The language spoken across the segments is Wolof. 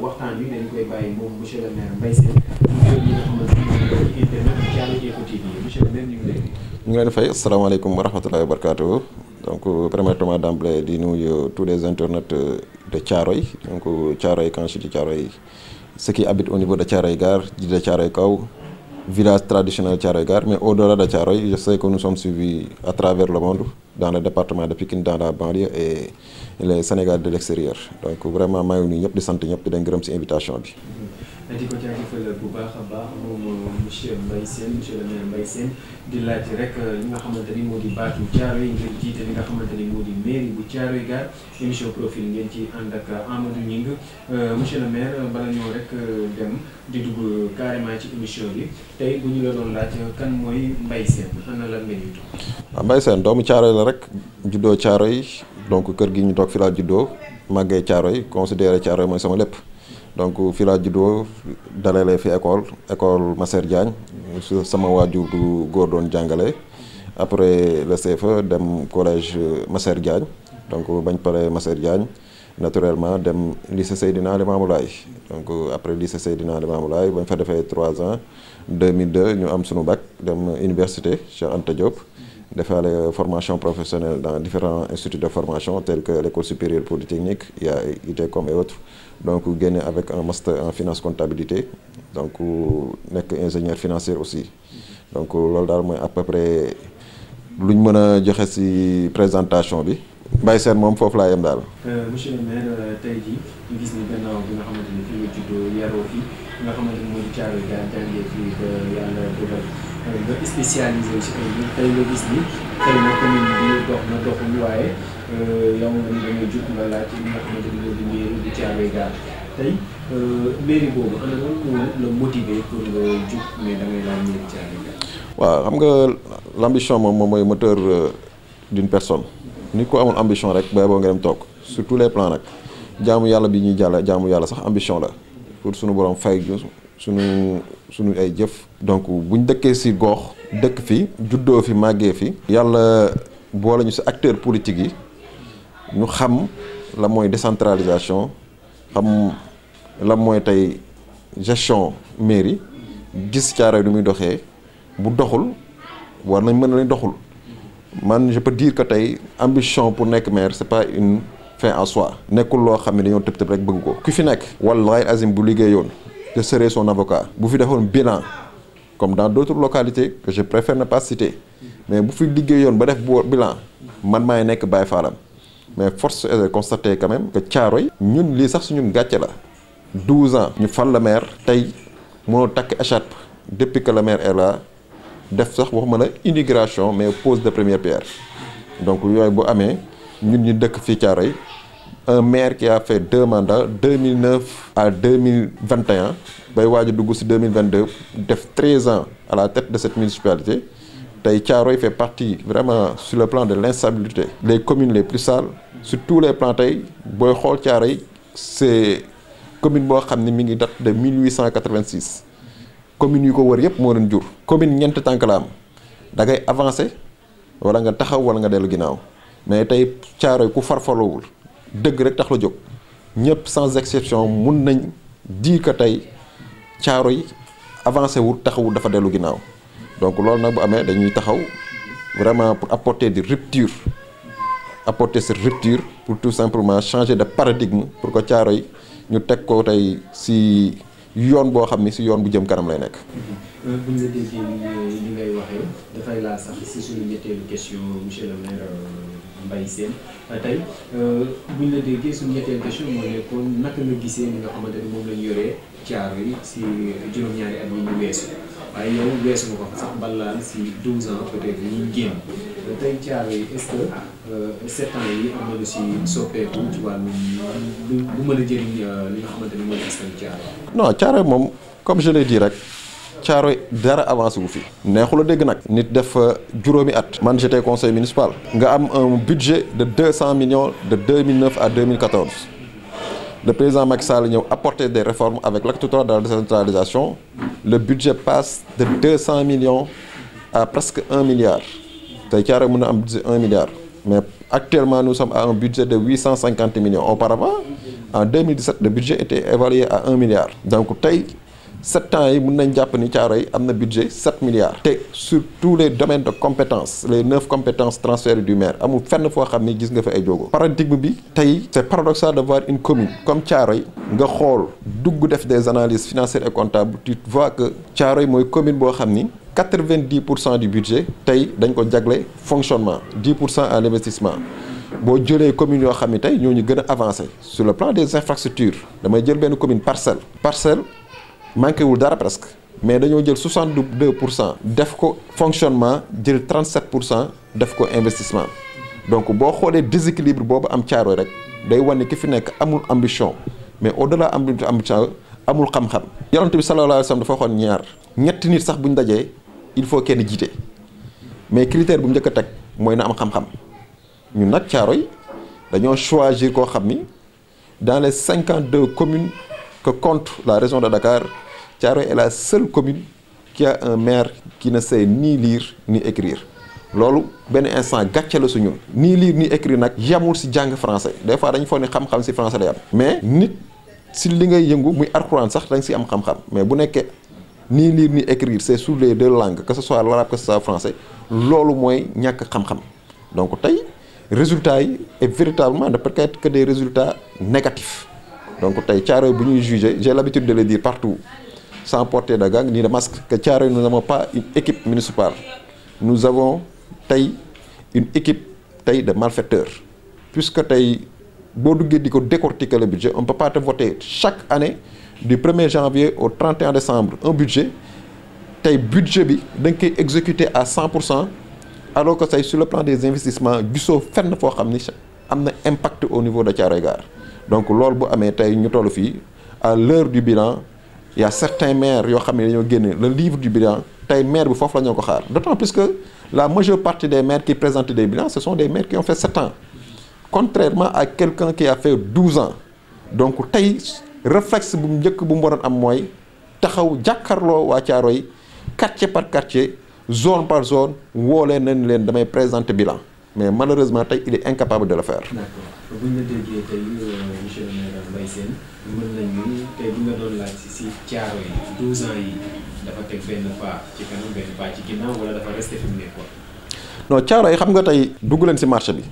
waxtaan mu gërëm ñi nga xamante ni internet bi Thiaré Éco TV di fay asalaamaaleykum wa rahmatullahi wa barakatuh donc euh, permettez di nuyu tous les internautes euh, de Thiaroye donc euh, Thiaroye quand je dis Thiaroye ceux au niveau de Thiaroye gar di de Thiaroye Kaw village traditionnel de mais au-delà de Thiaroye je sais que nous sommes suivis à travers le monde dans le département de Pikine dans la banlieue et le Sénégal de l'extérieur donc vraiment je suis très heureux di vous ñëpp di invitation monsieur Mbaye seen monsieur le maire Mbaye Sène di laajte rek li euh, nga xamante ni moo di baatu Thiaroye yi ngeen jiite li nga xamante ni moo di mairie bu Thiaroye Gare émission profil ngeen ci ànd ak euh, Amadou Gningue euh, monsieur le maire bala ñoo rek dem di dugg carrément ci émission bi tey bu ñu la doon laaj kan mooy Mbaye Sène ana lan nga ñuy toog. waaw ah, Mbaye Sène doomu Thiaroye la rek juddoo yi donc kër gi ñu toog fi laa juddoo màggee Thiaroye considéré Thiaroye mooy sama lépp. donc fii laa juddoo dalalee fi école école Masser Diagne sama waajur bu góor doon jàngale après le CFEE dem collège Masser Diagne donc bañ paree Masser Diagne naturellement dem lycée Seydina Ali Laye donc après lycée Seydina Limamou Laye bañ fa defee trois ans 2002 ñu am sunu bac dem université Cheikh Anta Diop la formation professionnelle dans différents instituts de formation tels que l'école supérieure polytechnique il y a ITCOM e et autres donc génne avec un master en finance comptabilité donc nek ingénieur financier aussi donc lol dal moy à peu près luñ mëna joxé ci présentation bi Mbaye sen mom fofu la yem daal. Euh, monsieur le maire euh, tey jii ñu gis ni gannaaw bi nga xamante ni fi nga juddoo yaroo fi nga xamante ni mooy caaru gaa jàngee fii ba tey nga euh, euh, boobu ana lan moo la motivé pour waaw xam nga l' moom moom mooy moteur euh, d' personne. nit ko amul ambition rek bay boo nga dem toog surtout les plans nag jaamu yàlla bi ñuy jàll jaamu yàlla sax ambition la pour sunu borom fay sunu sunu ay jëf donc buñ dëkkee si gox dëkk fi juddoo fi màggee fi yàlla boole ñu si acteur politique yi ñu xam la mooy décentralisation xam la mooy tey gestion mairie gis caaray du muy doxee bu doxul war nañ mën a doxul man je peux dire que tey ambition pour nekk maire c'est pas une fin en soi nekkul loo xam ne dañoo tëb tëb rek bëgg ko ku fi nekk wallaay azim bu liggéeyoon que serait son avocat vous fi un bilan comme dans d'autres localités que je préfère ne pas citer mais vous fi liggéeyoon ba def bilan man n'est que Baye Falam. mais force est de constater quand même que Thiaroye nous les sax suñu 12 ans ñu fal la maire nous mënoo takk depuis que la maire est là def sax une immigration mais pose de première pierre donc nous sommes amee ñun ñu dëkk un maire qui a fait deux mandats 2009 à 2021 bay a 2022 def 13 ans à la tête de cette municipalité tey fait partie vraiment sur le plan de l'instabilité les communes les plus sales sur tous les plans tey booy xool c'est commune qui date de 1886 commune yu ko wër yëpp mo faire. commune ñeent est la am da ngay avancer wala nga taxaw wala nga delu ginaaw mais tay Thiaroye ku farfalowul deug rek tax la jog ñepp sans exception mën nañ di ka tay ciaro yi avancer wu taxaw dafa delu ginaaw donc lool nak bu amé dañuy taxaw vraiment pour apporter des ruptures apporter cette rupture pour tout simplement changer de paradigme pour que ciaro yi ñu tek ko tay si yoon bo xamni si yoon bu jëm karam lay nekk. Euh, bu ñu la li euh, ngay waxé da fay la sax ci suñu ñettelu question monsieur le maire. Euh, Mbaye Sène tey euh, bu ñu la déggee suñu ñetteel question moo nekkoon naka nga gisee ni nga xamante ni moom lañ yoree caaro yi si juróom-ñaari at yi ñu weesu waaye yow weesu nga ko sax ballaan si 12 ans peut-être ñuy génn tey caaro yi est-ce que euh, sept ans yi am na lu si soppeeku ci wàllu bu euh, li nga xamante ni caaro non moom comme je l'ai rek caaro dara avancé fi a nit def conseil municipal nga am un budget de 200 millions de 2009 à 2014 le président Macky Sall a apporter des réformes avec l'acte 3 de la décentralisation le budget passe de 200 millions à presque 1 milliard un milliard mais actuellement nous sommes à un budget de 850 millions auparavant en 2017 le budget était évalué à 1 milliard donc 7 ans yi y nañ un ni de budget milliards sur tous les domaines de compétences les 9 compétences transférées du maire il y a xam fois gis nga fa ay jógo paradigme c'est paradoxal de voir une commune comme Thiaroye qui a fait des analyses financières et comptables tu vois que est une commune qui a 90 du budget tay dañ ko fonctionnement 10 à l'investissement Si jëlé commune yo xamni tay ñoo ñu sur le plan des infrastructures Dama jël une commune parcelle parcelle manqué wul dara presque mais dañoo jël 62 def ko fonctionnement jël 37 def ko investissement donc boo xoolee déséquilibre boobu am caaro rek day wane ki fi nekk amul ambition mais au delà ambition amul xam-xam. yonent bi sallallaahu alayhi wa sallam dafa waxoon ñaar ñetti nit sax buñ il faut kenn jiite mais critère bu mu njëkk a teg mooy na am xam-xam ñun nag caaro yi dañoo choisir koo xam ni dans les 52 communes que contre la région de Dakar, Thiaroye est la seule commune qui a un maire qui ne sait ni lire ni écrire. Lolo, ben instant gàcce le su Ni Ni lire ni écrire nag yamul si jang français des fois dañu foog ne xam-xam si français est am. mais nit si li ngay yëngu muy alxuraan sax dañ si am xam-xam mais bu ni lire ni écrire c'est sur les deux langues que ce soit l'arabe que ce soit français loolu mooy ñàkk xam-xam donc tey résultat est véritablement ne peut-être que des résultats négatifs donc j'ai l'habitude de le dire partout sans porter de gang, ni de masque que nous n'avons pas une équipe municipale nous avons une équipe de malfaiteurs puisque tu avons décortiqué le budget on peut pas voter chaque année du 1er janvier au 31 décembre un budget tey budget bi exécuté à 100 alors que sur le plan des investissements qui sont un impact au niveau de la donc loolu bu amee à l'heure du bilan il y a certains maires qui ont ne le livre du bilan les maire ko d'autant plus que la majeure partie des maires qui présentent des bilans ce sont des maires qui ont fait 7 ans contrairement à quelqu'un qui a fait 12 ans donc un réflexe bu njëkk bu mu am taxaw quartier par quartier zone par zone présente le nañ bilan mais malheureusement il est incapable de le faire. D'accord monsieur le maire Mbaye Sène mën nañu tey bu nga doon laaj si si caaro yi 12 ans yi dafa teg benn pas ci kanam benn pas ci ginnaaw wala dafa resté fi mu nekkoon. non caaro yi xam nga tey dugg leen si marché bi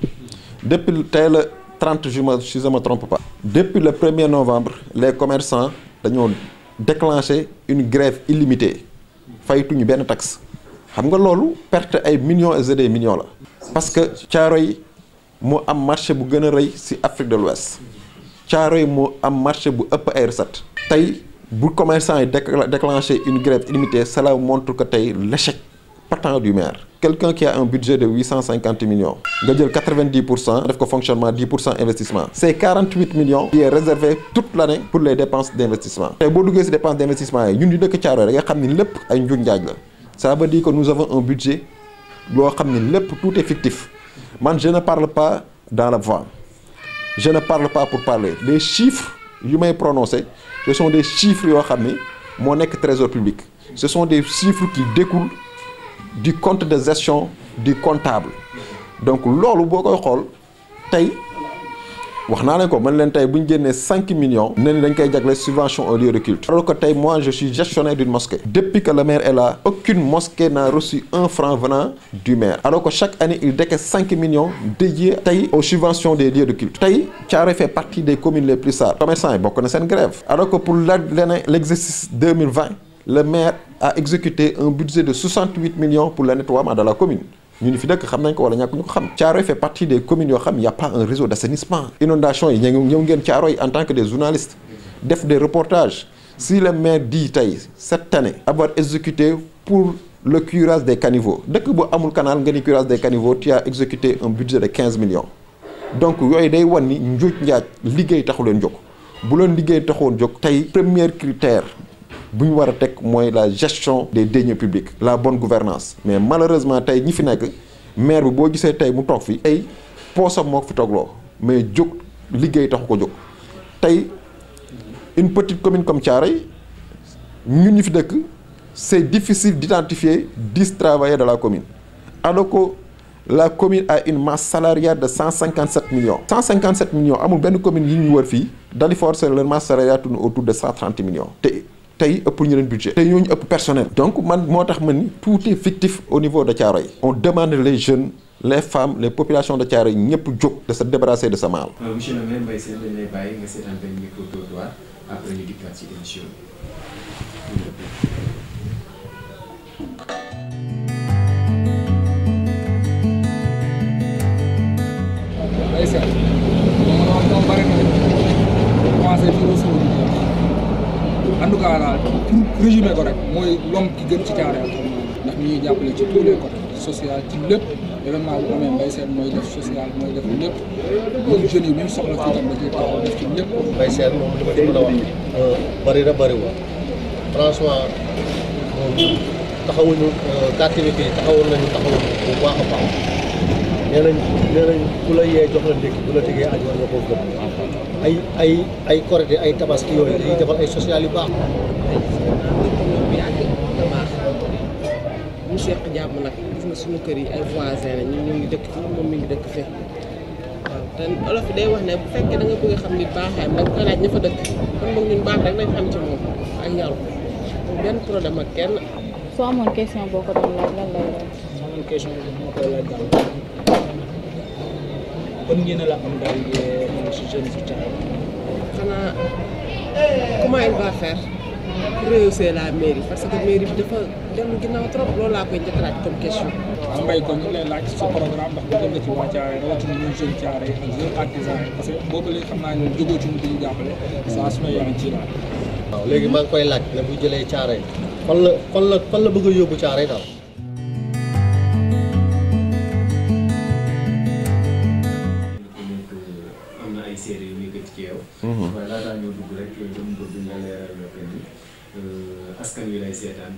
depuis tey la 30 juin si je me trompe pas. depuis le 1er novembre les commerçants dañoo déclencher une grève illimitée faytuñu benn taxe xam nga loolu perte ay millions et des millions la. parce que caaro yi moo am marché bu gën a rëy si Afrique de l'Ouest Charo est un marché bu ëpp r 7 si bu commerçant déclenche une grève illimitée cela montre que c'est l'échec partant du maire quelqu'un qui a un budget de 850 millions nga jël 90% fonctionnement 10% d'investissement, c'est 48 millions qui est réservé toute l'année pour les dépenses d'investissement Si vous avez dépenses d'investissement vous avez des dëkk Caaroy nga xam ça veut dire que nous avons un budget qui tout effectif. je ne parle pas dans la voix je ne parle pas pour parler les chiffres je m'ai prononcé ce sont des chiffres mon trésor public ce sont des chiffres qui découlent du compte des actions du comptable donc l'or, le wax ko man millions de dañ koy au lieu de culte alors que moi je suis gestionnaire d'une mosquée depuis que le maire est là aucune mosquée n'a reçu un franc venant du maire alors que chaque année il décaisse 5 millions dédiés aux subventions des lieux de culte tay fait partie des communes les plus sales commerçants grève alors que pour l'exercice 2020 le maire a exécuté un budget de 68 millions pour l'année nettoyage de la commune ñu ni fi dëkk xam fait partie des communes yoo xam y a pas un réseau d'assainissement inondation yi ñu ñëw ngeen Thiaroye en tant que des journalistes def des reportages si le maire dit tey cette année avoir exécuté pour le curage des caniveaux Dès que amul canal nga curage des caniveaux tu as exécuté un budget de 15 millions donc yooyu day wan ni njuuj njaaj liggéey taxu leen jóg bu leen liggéey premier critère bu la gestion des deniers publics la bonne gouvernance mais malheureusement tey ñi fi nekk maire bi boo gisee tey mu toog fi tey poosam moo fi toogloo mais jóg liggéey taxu ko jóg une petite commune comme Thiaroye ñun ñi fi c'est difficile d'identifier 10 travailleurs de la commune alors que la commune a une masse salariale de 157 millions 157 millions amul benn commune yi ñu wër fii dali forcer leur masse salariale tourne autour de 130 millions tey ëpp ñu leen budget Tay ñooñu ëpp personnel donc man motax man ni tout est fictif au niveau de Thiaroye on demande les jeunes les femmes les populations de Thiaroye ñëpp jóg de se débarrasser de sa mal. Euh, monsieur le maire Mbaye Sène dañ lay bàyyi nga seetaan benn micro droit après ñu dikkaat ci émission en tout cas daal pour résumer ko rek mooy l'homme ki gën ci caare ndax ñu ñuy jàppale ci tous les côtés social ci lépp événement bu amee Mbaye mooy def social mooy def lépp loolu jeunes yi ñu soxla fii tam da ciy taxaw def ci lépp. moom li ma ci mën a wax euh, bëri na bëriwul franchement euh, taxawuñu euh, activité taxawoon taxawuñu bu baax a nee nañ nee nañ ku la yee jox la ndékki bu la tegee aaj war nga koo gëm ay ay ay korite ay tabaski yooyu dañuy defal ay sociale yu baax. ñu jàmm nag gis nga suñu kër yi ay voisins la ñu ngi dëkk fii moom mi ngi dëkk fii waaw te olof day wax ne bu fekkee da nga bëgg xam nit baaxaayam da nga koy laaj ña fa dëkk kon moom ñun baax rek lañ xam ci moom ak yaru benn problème kenn. soo amoon question boo ko doon laaj lan lay ban ngeen la am daal si jeune si Thiaroye. xanaa comment elle va faire pour réussir la mairie parce que mairie bi dafa dem ginnaaw trop loolu laa koy njëkk laaj comme question. waaw ndax bëgg nga ci waa Thiaroye rawatina ñun parce que boobu léegi xam naa ñun jógoo ci léegi maa koy laaj la bu jëlee Thiaroye fan la fan la fan la bëgg yóbbu yóbbu Thiaroye daal.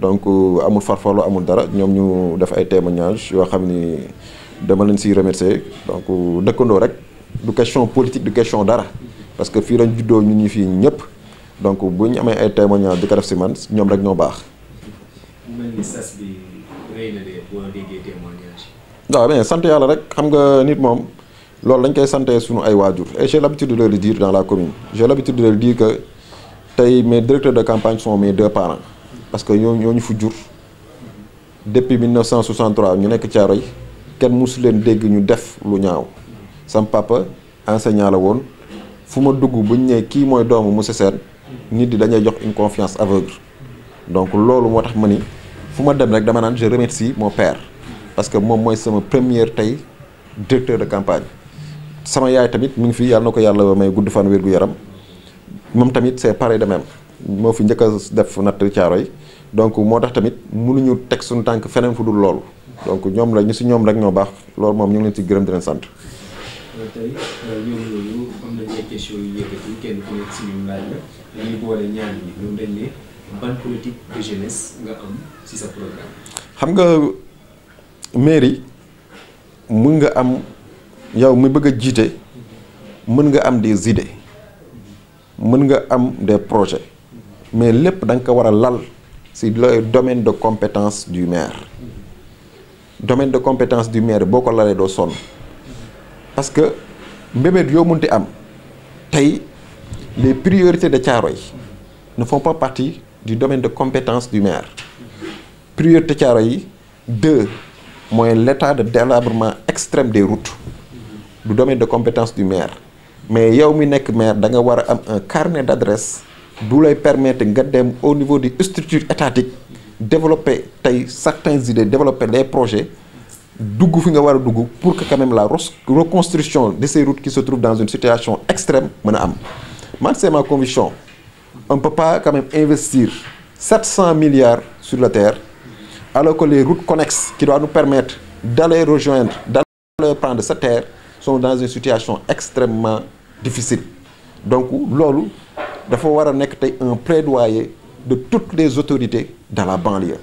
donc euh, amul farfalo amul dara ñom ñu def ay témoignages yo xamni dama leen ci remercier donc euh, dëkkandoo rek du question politique du question dara parce que fi lañ juddoo ñun donc bu ñu ay témoignages di ko def ci man ñom rek ñoo baax. mel ni sas bi mais yalla rek xam nga nit mom loolu koy suñu ay et j'ai l'habitude de le dire dans la commune j'ai l'habitude de le dire que tay mes directeurs de campagne sont mes deux parents. parce que ñoo ñoo ñu fu jur depuis 1963 ñu nekk Caaroy kenn musu leen dégg ñu def lu ñaaw sama papa enseignant la woon fu ma dugg bu ñu kii mooy doomu monsieur Sène nit di dañuy jox une confiance aveugle donc loolu moo tax ma ni fu ma dem rek dama naan je remercie mon père parce que moom mooy sama première tey directeur de campagne sama yaay tamit mu ngi fii yàlla na ko yàlla may gudd fan wér yaram moom tamit c'est pareil de même moo fi njëkk a def natt caaro yi donc moo tax tamit mënuñu teg suñu tànk feneen fu dul loolu donc ñoom la ñu si ñoom rek ñoo baax loolu moom ñu ngi leen si gërëm di leen sant. Euh, tey euh, ñoom ñooñu am nañu ay questions yu yëkkati kenn ku nekk si ñoom laaj la boole ñoom dañ ne ban politique de jeunesse nga am si sa programme. xam nga mairie mën nga am yow mi bëgg a jiite mën nga am des idées mën nga am des projets. mais lepp da lal le domaine de compétence du maire domaine de compétence du maire est lalé de son parce que am les priorités de ne font pas partie du domaine de compétence du maire priorité de- deux c'est l'état de délabrement extrême des routes du domaine de compétence du maire mais yow mi maire da un carnet d'adresse D'où permettre de au niveau des structures étatiques développer certaines idées développer des projets pour que quand même la reconstruction de ces routes qui se trouvent dans une situation extrême c'est ma conviction on ne peut pas quand même investir 700 milliards sur la terre alors que les routes connexes qui doivent nous permettre d'aller rejoindre d'aller prendre cette terre sont dans une situation extrêmement difficile donc là, il faut un plaidoyer de toutes les autorités dans la banlieue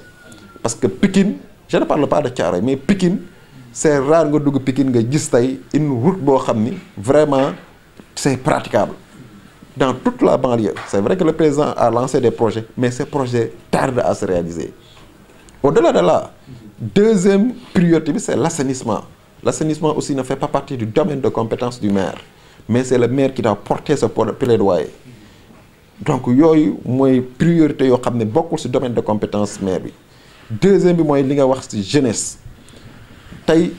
parce que Pékin, je ne parle pas de Thiaroye mais Pékin, c'est rare que Pékin Pikine une route vraiment c'est praticable dans toute la banlieue c'est vrai que le président a lancé des projets mais ces projets tardent à se réaliser au-delà de là deuxième priorité c'est l'assainissement l'assainissement aussi ne fait pas partie du domaine de compétence du maire mais c'est le maire qui doit porter ce plaidoyer donc il y priorité une priorité qui beaucoup ci domaine de compétence maire deuxième c'est li nga wax jeunesse Aujourd'hui,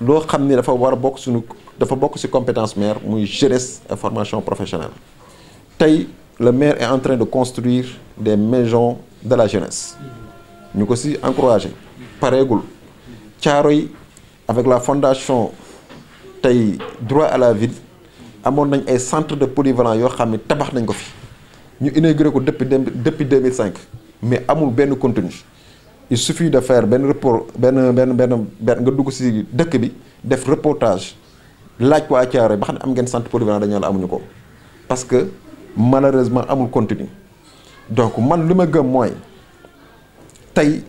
loo xam dafa war a bokk suñu de jeunesse et formation professionnelle le maire est en train de construire des maisons de la jeunesse Nous aussi encourager par par avec la fondation le droit à la vie », amoon nañ ay centre de polyvalent yo xamni tabax nañ ko fi ñu inauguré ko depuis depuis 2005 mais amul ben contenu il suffit de faire ben report ben ben ben benn nga dugg ci dëkk bi def reportage laaj ko Thiaroye ba xam de am ngeen centre polyvalent dañu la amuñu ko parce que malheureusement amul contenu donc man luma gëm moy tay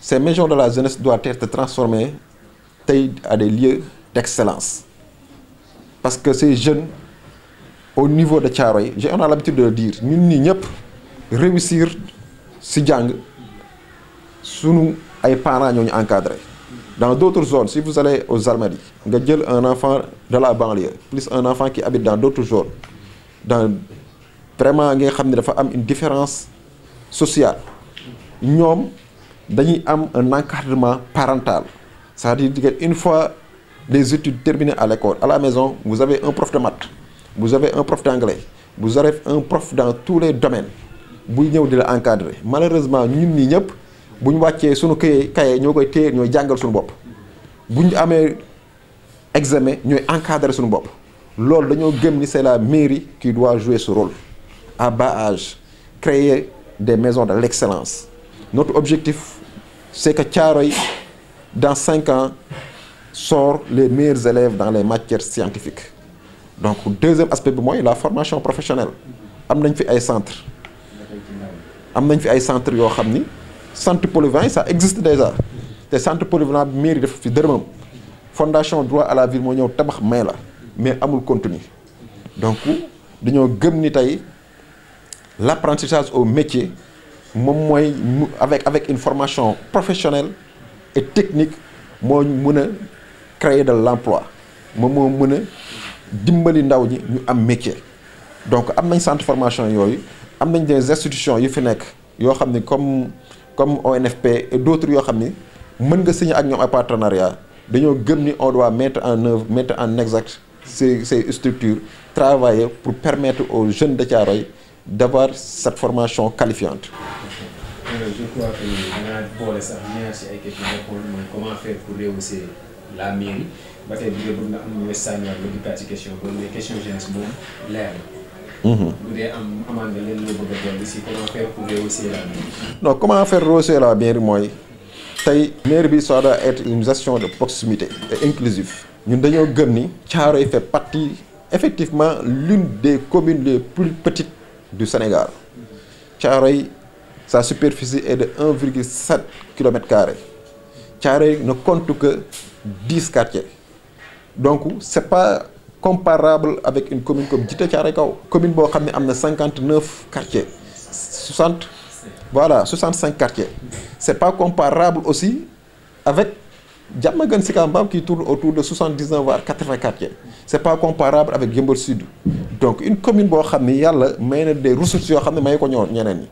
ces maisons de la jeunesse doivent être transformées tay à des lieux d'excellence parce que ces jeunes au niveau de Tcharaï, on a l'habitude de le dire ni ñi ñëpp réussir si nous n'avons ay parents ñoo ñu dans d'autres zones si vous allez aux Almadies vous avez un enfant de la banlieue plus un enfant qui habite dans d'autres zones dans vraiment vous savez, une différence sociale Nous, avons un encadrement parental c'est-à-dire une fois des études terminées à l'école. À la maison, vous avez un prof de maths, vous avez un prof d'anglais, vous avez un prof dans tous les domaines. buy ñëw di encadrer malheureusement nous ñi nous, bu nous wàccee suñu nous, nous ñoo koy téye nous, nous suñu Nous bu nous, nous examen nous encadrer suñu nous, loolu dañoo c'est la mairie qui doit jouer ce rôle à bas âge créer des maisons de l'excellence notre objectif c'est que Thiaroye dans cinq ans sort les meilleurs élèves dans les matières scientifiques donc deuxième aspect moi moi, la formation professionnelle am nañ fi ay centre am nañ fi ay centre qui centre polyvalent ça existe déjà Le centre polyvalents, mais le meilleur. fondation droit à la ville moo mais mais may la mais amul contenu donc nous avons ni l'apprentissage au métier avec avec une formation professionnelle et technique moo mën créer de l'emploi moom moo mën a dimbali ndaw ñi ñu am métier donc am nañ centre formation yooyu am nañ des institutions yu fi nekk yoo xam comme comme ONFP et d'autres qui xam ni nga signer ak partenariat dañoo gëm ni on doit mettre en œuvre mettre en exact ces ces structures travailler pour permettre aux jeunes de Thiaroye d'avoir cette formation qualifiante. Euh, je crois que danaa boole sax ñaar si ay questions yoo xam comment faire pour réussir la mairie Je vais vous dee une question La question comment faire pour rehausser la mairie. comment faire rehausser la mairie La tey mairie doit être une gestion de proximité et inclusive Nous avons gëm que Thiaroye fait partie effectivement l'une des communes les plus petites du Sénégal Thiaroye sa superficie est de 1,7 km2 ne compte que 10 quartiers. Donc, ce n'est pas comparable avec une commune comme Djité Commune bo xamné 59 quartiers. 60 voilà, 65 quartiers. C'est pas comparable aussi avec Djamagan Sikambam qui tourne autour de 79 voire 80 quartiers. C'est pas comparable avec Gimbal Sud. Donc une commune bo xamné des ressources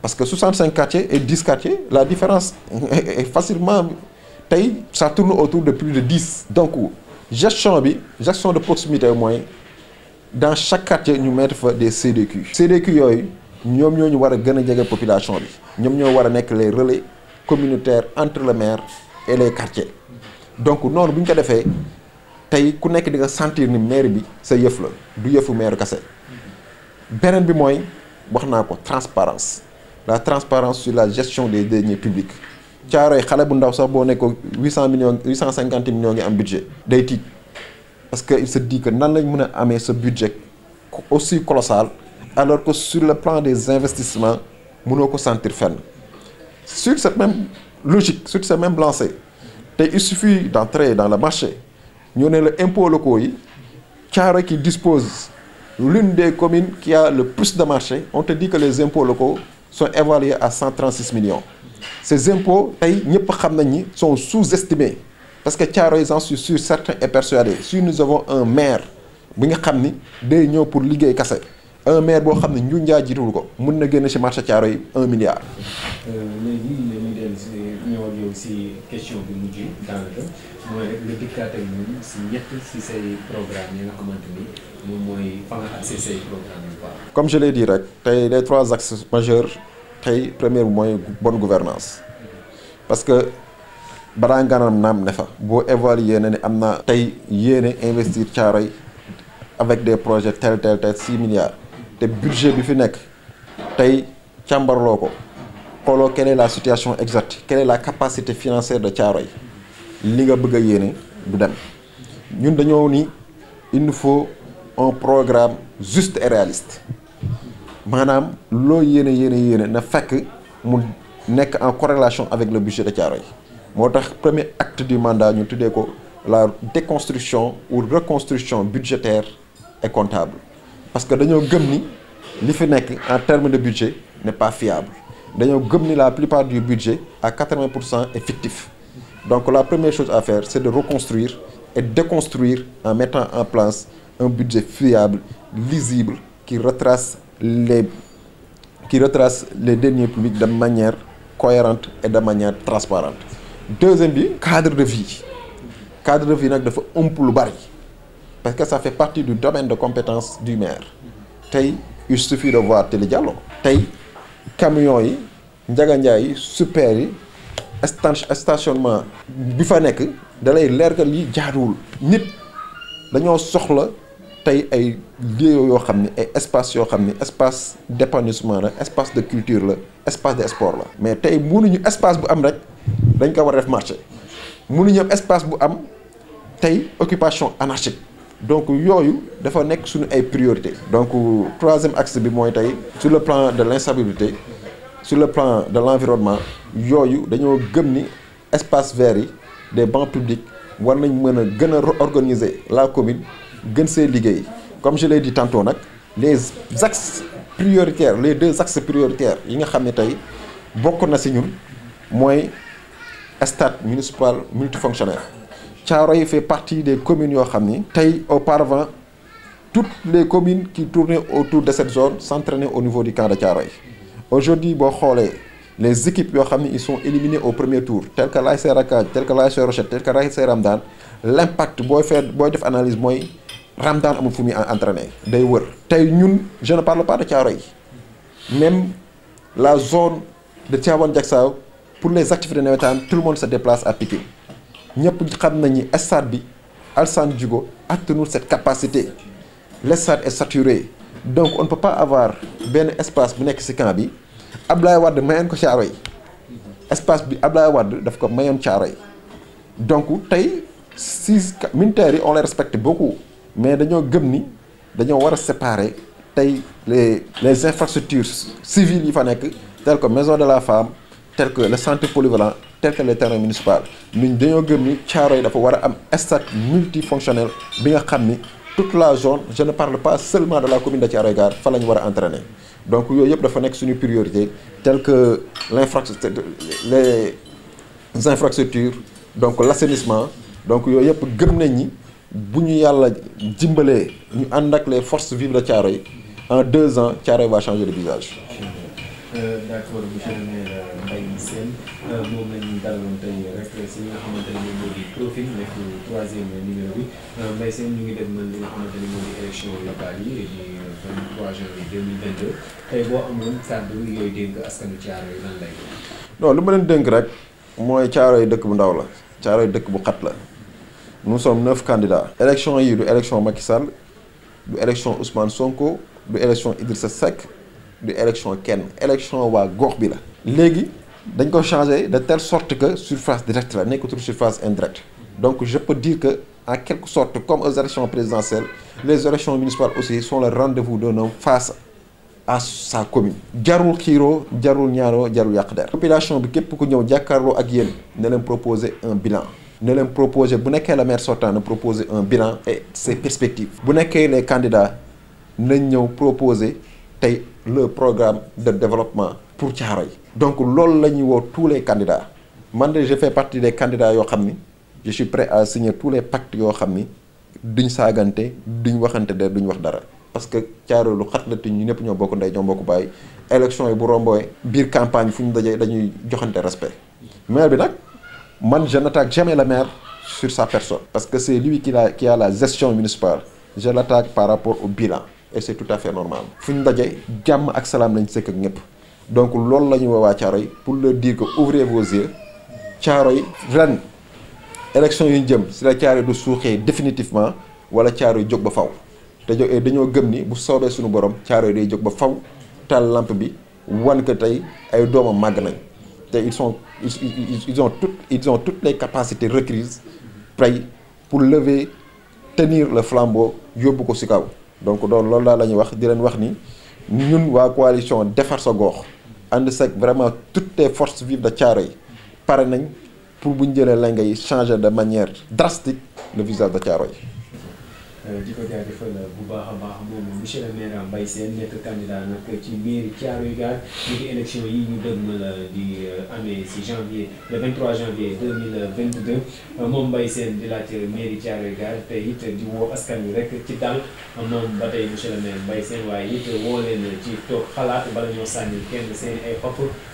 parce que 65 quartiers et 10 quartiers, la différence est facilement ça tourne autour de plus de 10. donc gestion gestion de proximité dans chaque quartier nous mettons des CDQ. CDQ nous avons ñoo ñu population Nous avons ñoo les relais communautaires entre le maire et les quartiers donc nous avons fait ko defee qu'on ku que sentir maire C'est sa yëf la du le maire cassé. beneen bi la transparence la transparence sur la gestion des deniers publics caaroy xale bu ndaw sax millions 850 budget day parce que se dit que nan lañ ce budget aussi colossal alors que sur le plan des investissements mënoo ko sentir sur cette même logique sur cette même lancée il suffit d'entrer dans le marché On a les impôt locaux yi qui dispose l'une des communes qui a le plus de marché on te dit que les impôts locaux sont évalués à 136 millions ces impôts tey ñëpp xam nañ ni sont sous-estimés parce que Thiaroye j'en suis sûr certains et persuadé si nous avons un maire bi nga xam ni day ñëw pour liguey kasse un maire bo xamni ñu njaa jiituwul ko mën na génn ci marché Thiaroye 1 milliard. Euh, léegi dañuy dellu si ñëw ak yow ci question bi mujj daanaka mooy rek le dictateur ñu ci ñett ci ces programmes yi nga xamante moom mooy fa nga accès ces programmes yu comme je l'ai dit rek tay les trois axes majeurs le premier moyen bonne gouvernance parce que si vous Nefa, investi fa évaluer investir avec des projets tel tel tel milliards le budget est fi nekk quelle est la situation exacte quelle est la capacité financière de Thiaroye li nga bëgg vous du Nous, ñun avons ni il nous faut un programme juste et réaliste Madame, lo yene yene yene na fekk mu en corrélation avec le budget de Thiaroye Le premier acte du mandat ñu la déconstruction ou reconstruction budgétaire et comptable parce que dañoo gëm ni li fi en termes de budget n'est pas fiable dañoo gëm ni la plupart du budget à 80 est fictif donc la première chose à faire c'est de reconstruire et déconstruire en mettant en place un budget fiable lisible qui retrace les, qui retrace les deniers publics de manière cohérente et de manière transparente. deuxième but, cadre de vie cadre de vie faire un peu de parce que ça fait partie du domaine de compétence du maire Tay, il suffit de voir Télé Diallo les camions super stationnement bi de l'air da lay de que lii jaaduwul nit tay ay lieu yoo xam ay espace yoo xam espace d'épanouissement la espace de culture la espace de sport la mais tey mënuñu espace bu am rek dañ ko war a def marché mënuñu am espace bu am tey occupation anarchique donc yooyu dafa nekk suñu ay priorité donc troisième axe bi mooy tey sur le plan de l'instabilité sur le plan de l'environnement yooyu dañoo gëm ni espace vert yi des bancs publics war nañ mën a organiser la commune gën comme je l'ai dit tantôt les axes prioritaires les deux axes prioritaires yi nga xam ne tey bokk na si ñun stade municipal multifonctionnel fait partie des communes yoo xam ni auparavant toutes les communes qui tournaient autour de cette zone s'entraînaient au niveau du camp de Thiaroye aujourd'hui boo les équipes yoo xam ils sont éliminés au premier tour tel que l'ASC Rakadj tel que la Rochette tel que l'ASC Ramdan l'impact booy faire booy def analyse Ramdaan amul fu muy entraîné day wër tey ñun je ne parle pas de Thiaroye même la zone de Tivaouane Diacksao pour les activités navétanes tout le monde se déplace à Pikine ñëpp xam nañu stade bi Alassane Djigo atteindre cette capacité le stade est saturé donc on ne peut pas avoir benn espace bu nekk ci camp bi Ablaye Wade mayoon ko Thiaroye espace bi Ablaye Wade daf ko mayoon Thiaroye donc tey si militaires yi on les respecte beaucoup mais nous gëm ni séparer les les infrastructures civiles yi fa telles que maison de la femme telles que le centre polyvalent que les terrains municipaux Nous dañoo gëm ni caaro yi dafa war am multifonctionnel bi nga toute la zone je ne parle pas seulement de la commune de Thiaroye Gare fa lañ entraîner donc yooyu yëpp dafa nekk suñu priorité telles que les infrastructures donc l'assainissement donc yooyu yëpp gëm nañ bu ñu yàlla dimbalee ñu ànd ak les force vives de yi en deux ans Thiaroye va changer de visage. Euh, d' accord monsieur le maire euh, Mbaye Sène euh, moom la ñu daloon tey rek li nga xamante ne moom di profil nekk troisième numéro ngi dem li nga xamante ne moo di élection locale yi di 23 janvier 2022 tey boo amoon kàddu yooyu dénk askanu Thiaroye lan lay non lu ma leen dénk rek mooy caaro yi dëkk bu ndaw la Thiaroye dëkk bu xat la. nous sommes neuf candidats élection yi du élection Macky du élection Ousmane Sonko du élection Idrissa Seck du élection Ken. élection Wa Gorbila. L'équipe la changé de telle sorte que surface directe la nekkatul surface indirecte donc je peux dire que en quelque sorte comme aux élections présidentielles les élections municipales aussi sont le rendez-vous d'un homme face à sa commune jarul Kiro, jarul Nyaro, jarul Yakder. La population qui est pour nous, ak nous proposer un bilan ne leur proposer bu nekkee le maire sortant Ne proposer un bilan et ses perspectives bu nekkee les candidats ne ñëw proposer le programme de développement pour Thiaroye donc loolu la ñuy tous les candidats man de je fais partie des candidats yoo xam je suis prêt à signer tous les pactes yoo xam ni duñ saagante duñ waxante duñ wax dara parce que Thiaroye lu cadre de l'union ñu ñëpp ñoo bokk ndey ñoo bokk bàyyi élection yi bu romboy biir campagne fu ñu dajee dañuy joxante respect maire bi nag moi, je n'attaque jamais la maire sur sa personne, parce que c'est lui qui a, qui a la gestion municipale. Je l'attaque par rapport au bilan, et c'est tout à fait normal. donc loolu la ñu woowaa pour leur dire que ouvrez vos yeux Thiaroye ren élection une ñu jëm la Thiaroye de suuxee définitivement ou wala Thiaroye jóg ba faw te jo eh, dañoo gëm ni bu soobee suñu borom Thiaroye day jóg ba faw taal lampe bi wan que tey ay doomam màgg nañ te ils sont ils, ont toutes, les capacités requises pour lever tenir le flambeau yóbbu ko si donc doon loolu daal nous ñuy wax di coalition de sa gox avons sec vraiment toutes les forces vives de Tchare, pour changer de manière drastique le visage de Tchare. Euh, di ko jaajëfal euh, bu baax a baax moom monsieur le maire Mbaye Sène nekk candidat nag ci mairie Thiaroye Gare ñu ngi élection yi ñu dëgmal euh, di amee si janvier le 23 janvier 2022 moom Mbaye Sène di laaj mairie Thiaroye Gare te it di woo askan wi rek ci dal moom ba tey monsieur le maire Mbaye Sène waaye it woo leen ci toog xalaat ba ñoo sànni kenn seen ay xopp